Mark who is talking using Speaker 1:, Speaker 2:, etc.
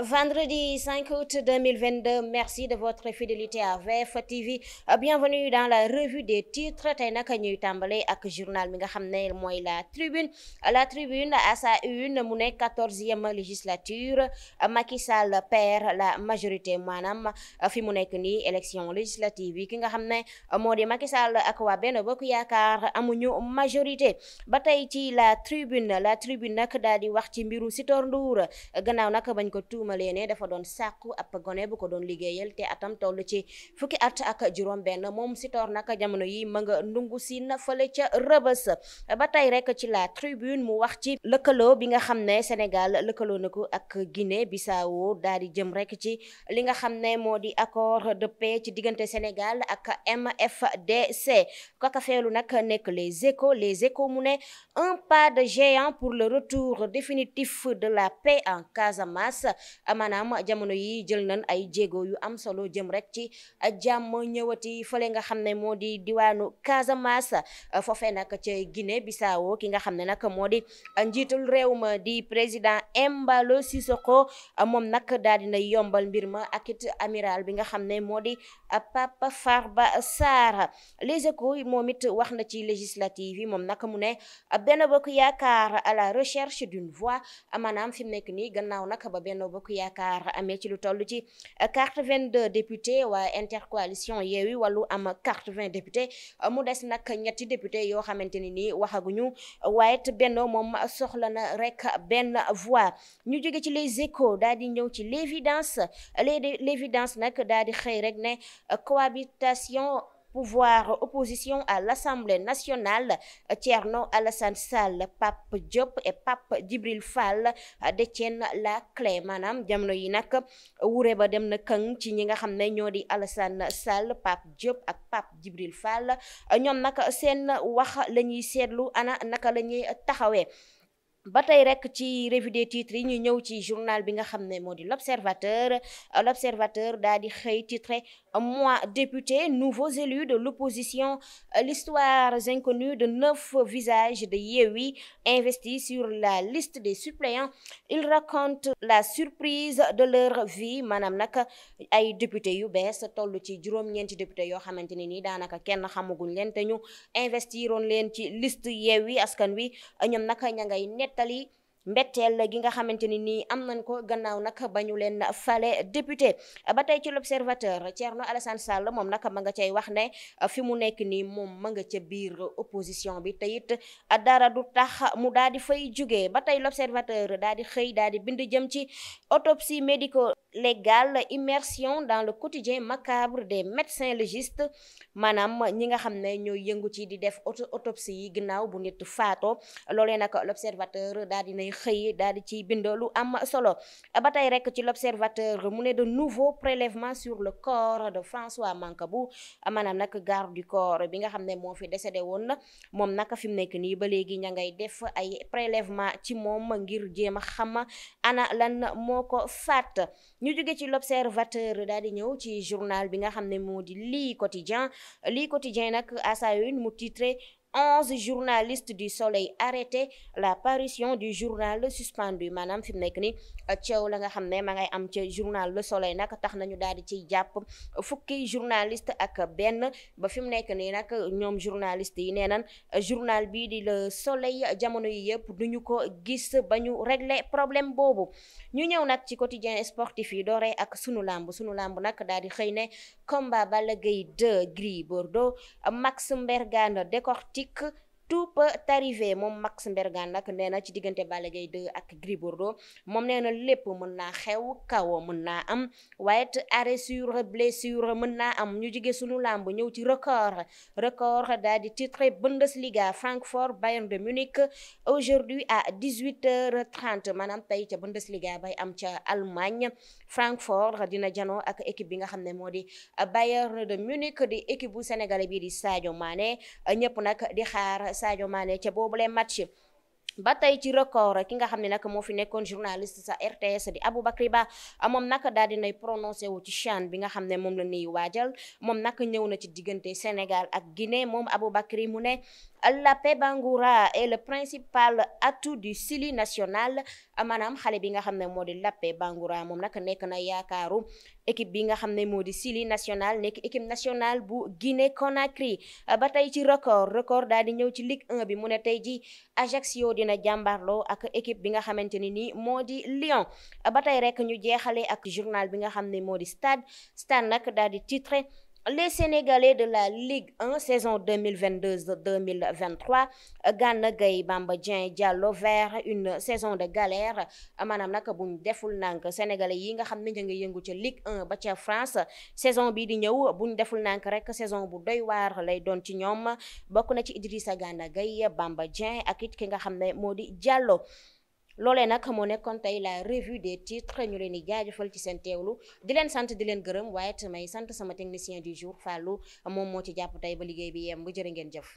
Speaker 1: Vendredi 5 août 2022 merci de votre fidélité à VF TV euh, bienvenue dans la revue des titres tey nag ñuy tàmbale ak journal bi nga xam ne mooy la tribune la tribune à sa une mu nekk quatorzième législature Macky Sall perd la majorité maanaam fi mu nekk nii élection législative yi ki nga xam ne moo di Macky Sall ak waa Benno Bokk Yaakaar amuñu majorité ba tey ci la tribune la tribune nag daal di wax ci mbiru si Ndour gannaaw nag bañ ko tuuma Soumaléné dafa doon sàkku ab gone bu ko doon liggéeyal te atam toll ci fukki at ak juróom-benn moom Sitor nag jamono yi ma nga ndungu si na fële ca Rëbës ba tey rek ci la tribune mu wax ci lëkkaloo bi nga xam ne Sénégal lëkkaloo na ko ak Guinée Bissau daal di jëm rek ci li nga xam ne moo di accord de paix ci diggante Sénégal ak MFDC kakafeelu nag nekk les échos les échos mu ne un pas de géant pour le retour définitif de la paix en Casamance maanaam jamono yi jël nañ ay jéego yu am solo jëm rek ci jàmm ñëwati fële nga xam ne moo di diwaanu Casamance foofee nag ca Guinée Bissau ki nga xam ne nag moo di a njiitul réew ma di président Embalo Sissoko moom nag daal dina yombal mbir ma ak amiral bi nga xam ne moo di Papa Farba Sarr Les Échos moom it wax na ci législative yi moom nag mu ne Benno Bokk Yaakaar à la recherche d'une voix maanaam fi mu nekk nii gannaaw bokk yaakaar amee ci lu toll ci quatre-vingt-deux députés waa intercoalition Yewwi Wallu am quatre-vingts députés mu des nag ñetti députés yoo xamante ni nii waxaguñu waaye it Benno moom soxla na rek benn voix ñu jóge ci les échos daal di ñëw ci l'évidence l'évidence nag daal di xëy rek ne cohabitation pouvoir opposition à l'Assemblée nationale Thierno Alassane Sall Pape Diop et Pape Djibril Fall euh, détiennent la clé maanaam jamono yi nag wure ba dem na këng ci ñi nga xam ne ñoo di Alassane Sall Pape Diop ak Pape Djibril Fall ñoom nag seen wax lañuy seetlu ana naka la ñuy taxawee. ba tey rek ci revue des titres yi ñu ñëw ci journal bi nga xam ne moo di l'observateur l'observateur daal di xëy titre Moi, député, nouveaux élus de l'opposition, euh, l'histoire inconnue de neuf visage de Yewi investis sur la liste des suppléants. Ils racontent la surprise de leur vie maanaam nag ay député yu bees toll ci juróom-ñeenti député yoo xamante ne nii daanaka kenn xamaguñ leen te ñu investiroon leen ci liste Yewi askan wi ñoom nag ña ngay nettali. mbetteel gi nga xamante ni nii am nañ ko gannaaw nag ba ñu leen fale député ba tey ci l'observateur Thierno Alassane Sall moom nag ma nga cay wax ne fi mu nekk nii moom ma nga ca biir opposition bi te it dara du tax mu daal di fay jugee ba tey l'observateur daal di xëy daal di bind jëm ci autopsie médico légale immersion dans le quotidien macabre des médecins légistes maanaam ñi nga xam ne ñooy yëngu ci di def auto autopsie yi gannaaw bu nit faatoo loolee nag l'observateur xëy daal di ciy bind lu am solo ba tey rek ci l'observateur mu ne de nouveaux prélèvements sur le corps de François Mancabou maanaam nag garde du corps bi nga xam ne moo fi décédé woon na moom nag fi mu nekk nii ba léegi ña ngay def ay prélèvement ci moom ngir jéem a xam ana lan moo ko faat ñu jóge ci l'observateur daal di ñëw ci journal bi nga xam ne moo di lii quotidien lii quotidien nag à sa mu titré onze journaliste du Soleil arrêtés la parution du journal Le suspendu maanaam fi mu nekk ni euh, ceew la nga xam ne ma ngay am ca journal Le Soleil nag tax nañu daal di ciy jàpp fukki journaliste ak benn ba fi mu nekk nii nag ñoom journaliste yi nee nan euh, journal bii di Le Soleil jamono yi yëpp duñu ko gis ba ñu régler problème boobu ñu ñëw nag ci quotidien sportif yi dooree ak sunu làmb sunu làmb nag daal di xëy ne combat Balla Gaye 2 Gris Bordeaux Max Mbergane politique tout peut arriver moom Max Mbergane nag nee na ci diggante Balla Gaye ak Gris moom nee na lépp mën naa xew kawo mën na am waaye it arrêt sur blessure mën naa am ñu jige sunu làmb ñëw ci record record daal di titre Bundesliga Francfort Bayern de Munich aujourd'hui à 18h30 maanaam tey ca Bundesliga bay am ca Allemagne Francfort dina janoo ak équipe bi nga xam ne moo di Bayern de Munich di équipe bu sénégalais bi di Sadio Mané ñëpp nag di xaar Sadio Mané ca boobule match ba tey ci record ki nga xam ni nag moo fi nekkoon journaliste sa RTS di Aboubacry Ba moom nag daal di nay prononcé wu ci CHAN bi nga xam ne moom la ñuy waajal moom nag ñëw na ci diggante Sénégal ak Guinée moom abu Aboubacry mu ne la paix Bangoura est le principal atout du Sili national maanaam xale bi nga xam ne moo di la paix Bangoura moom nag nekk nay yaakaaru équipe bi nga xam ne moo di Sili national nekk équipe national bu Guinée Conakry ba tey ci record record di ñëw ci Ligue bi mu ne tey ji a jàmbaarloo ak équipe bi nga xamante ni nii moo di Lyon ba tey rek ñu jeexale ak journal bi nga xam ne moo di stade stade nag daal di titre les Sénégalais de la Ligue 1 saison deux mille mille 2022-2023 Gana gay Bamba Dieng Diallo vers une saison de galère maanaam nag buñ deful nànk Sénégalais yi nga xam ne ñu ngi yëngu ca Ligue 1 ba ca France saison bii di ñëw buñ deful nànk rek saison bu doy waar lay doon ci ñoom bokk na ci Idrissa Gana gay Bamba Dieng ak it ki nga xam ne moo di Diallo loolee nag moo nekkoon tey la revue des titres ñu leen di jaajëfal ci seen teewlu di leen sant di leen gërëm waaye it may sant sama technicien du jour Fallou moom moo ci jàpp tey ba liggéey bi yem ba jërë ngeen jëf.